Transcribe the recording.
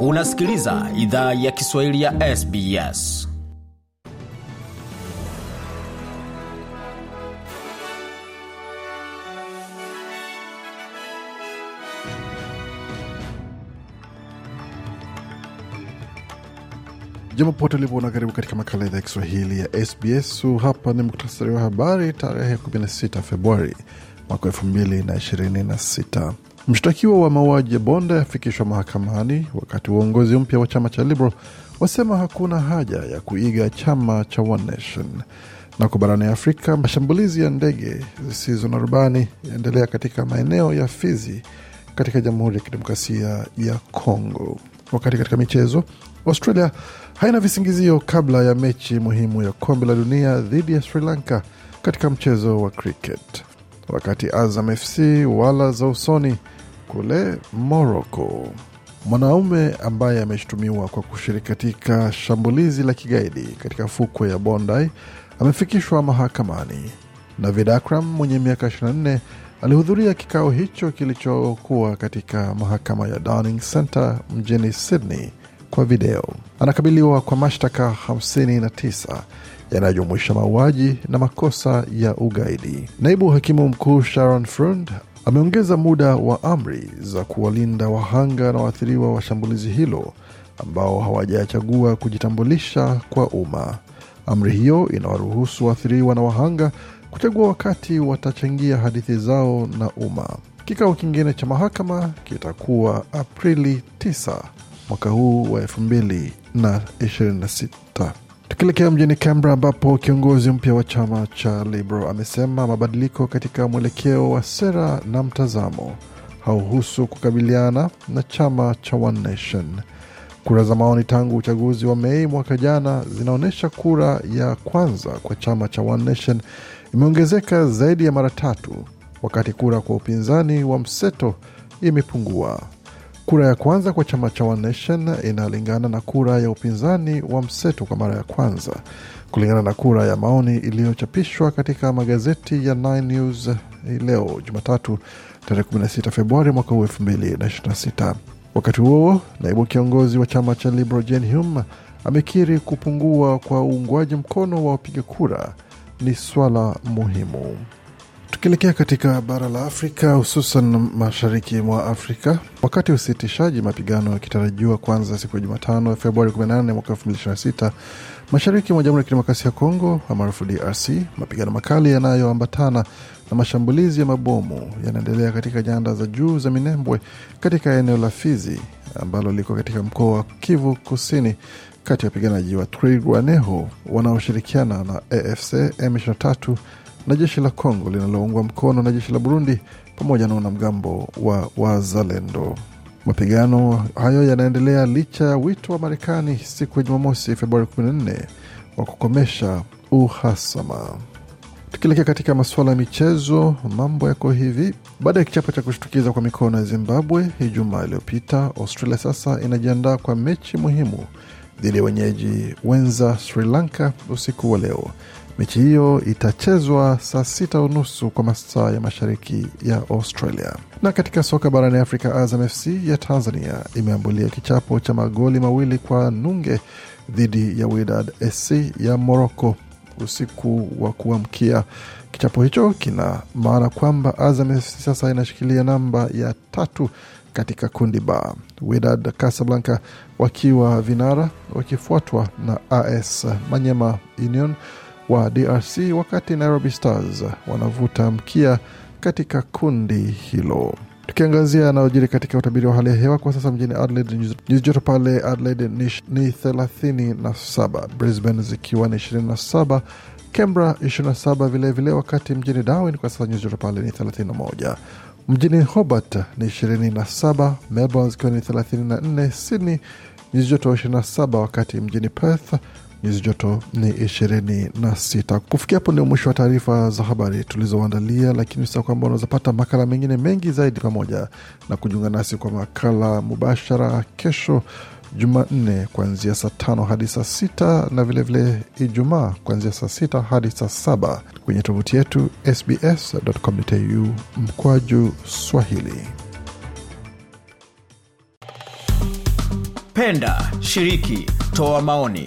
Unasikiliza idhaa ya Kiswahili ya SBS. Jambo pote ulipo na karibu katika makala idhaa ya Kiswahili ya SBS. Hapa ni muktasari wa habari, tarehe 16 Februari mwaka 2026. Mshtakiwa wa mauaji ya Bonde afikishwa mahakamani, wakati uongozi mpya wa chama cha Liberal wasema hakuna haja ya kuiga chama cha One Nation. Nako barani Afrika, mashambulizi ya ndege zisizo na rubani yaendelea katika maeneo ya Fizi katika Jamhuri ya Kidemokrasia ya Kongo. Wakati katika michezo, Australia haina visingizio kabla ya mechi muhimu ya kombe la dunia dhidi ya Sri Lanka katika mchezo wa cricket wakati Azam FC wala za usoni kule Morocco. Mwanaume ambaye ameshutumiwa kwa kushiriki katika shambulizi la kigaidi katika fukwe ya Bondi amefikishwa mahakamani. Navid Akram mwenye miaka 24 alihudhuria kikao hicho kilichokuwa katika mahakama ya Downing Center mjini Sydney kwa video. Anakabiliwa kwa mashtaka 59 yanayojumuisha mauaji na makosa ya ugaidi. Naibu hakimu mkuu Sharon Freund ameongeza muda wa amri za kuwalinda wahanga na waathiriwa wa shambulizi hilo ambao hawajachagua kujitambulisha kwa umma. Amri hiyo inawaruhusu waathiriwa na wahanga kuchagua wakati watachangia hadithi zao na umma. Kikao kingine cha mahakama kitakuwa Aprili 9 mwaka huu wa sita. Tukielekea mjini Canberra ambapo kiongozi mpya wa chama cha Liberal amesema mabadiliko katika mwelekeo wa sera na mtazamo hauhusu kukabiliana na chama cha One Nation. Kura za maoni tangu uchaguzi wa Mei mwaka jana zinaonyesha kura ya kwanza kwa chama cha One Nation imeongezeka zaidi ya mara tatu, wakati kura kwa upinzani wa mseto imepungua. Kura ya kwanza kwa chama cha One Nation inalingana na kura ya upinzani wa mseto kwa mara ya kwanza, kulingana na kura ya maoni iliyochapishwa katika magazeti ya Nine News eh, leo Jumatatu tarehe 16 Februari mwaka huu 2026. Wakati huo naibu kiongozi wa chama cha Liberal Jane Hume amekiri kupungua kwa uungwaji mkono wa wapiga kura ni swala muhimu. Tukielekea katika bara la Afrika hususan mashariki mwa Afrika, wakati usitishaji mapigano yakitarajiwa kuanza siku ya Jumatano Februari 18 mwaka 2026 mashariki mwa Jamhuri ya Kidemokrasia ya Kongo maarufu DRC, mapigano makali yanayoambatana na mashambulizi ya mabomu yanaendelea katika nyanda za juu za Minembwe katika eneo la Fizi ambalo liko katika mkoa wa Kivu Kusini kati ya wapiganaji wa Twirwaneho wanaoshirikiana na AFC M23 na jeshi la Kongo linaloungwa mkono na jeshi la Burundi pamoja na wanamgambo wa Wazalendo. Mapigano hayo yanaendelea licha ya wito wa Marekani siku ya Jumamosi, Februari 14 wa kukomesha uhasama. Tukielekea katika masuala ya michezo, mambo yako hivi. Baada ya kichapo cha kushtukiza kwa mikono ya Zimbabwe Ijumaa iliyopita, Australia sasa inajiandaa kwa mechi muhimu dhidi ya wenyeji wenza Sri Lanka usiku wa leo. Mechi hiyo itachezwa saa sita unusu kwa masaa ya mashariki ya Australia. Na katika soka barani Afrika, Azam FC ya Tanzania imeambulia kichapo cha magoli mawili kwa nunge dhidi ya Wydad SC ya Moroko usiku wa kuamkia. Kichapo hicho kina maana kwamba Azam FC sasa inashikilia namba ya tatu katika kundi ba, Wydad Casablanca wakiwa vinara wakifuatwa na AS Manyema Union wa DRC wakati Nairobi Stars wanavuta mkia katika kundi hilo. Tukiangazia yanayojiri katika utabiri wa hali ya hewa kwa sasa mjini Adelaide, nyuzi joto pale Adelaide ni 37, Brisbane zikiwa ni 27, Canberra 27 vilevile wakati mjini Darwin kwa sasa nyuzi joto pale ni 31, mjini Hobart ni 27, Melbourne zikiwa ni 34, Sydney nyuzi joto 27, wakati mjini Perth nyuzi joto ni 26. Kufikia hapo ndio mwisho wa taarifa za habari tulizoandalia, lakini sa kwamba unaweza pata makala mengine mengi zaidi pamoja na kujiunga nasi kwa makala mubashara kesho Jumanne kuanzia saa tano hadi saa sita na vilevile Ijumaa kuanzia saa sita hadi saa saba kwenye tovuti yetu sbs.com.au mkwaju Swahili. Penda, shiriki, toa maoni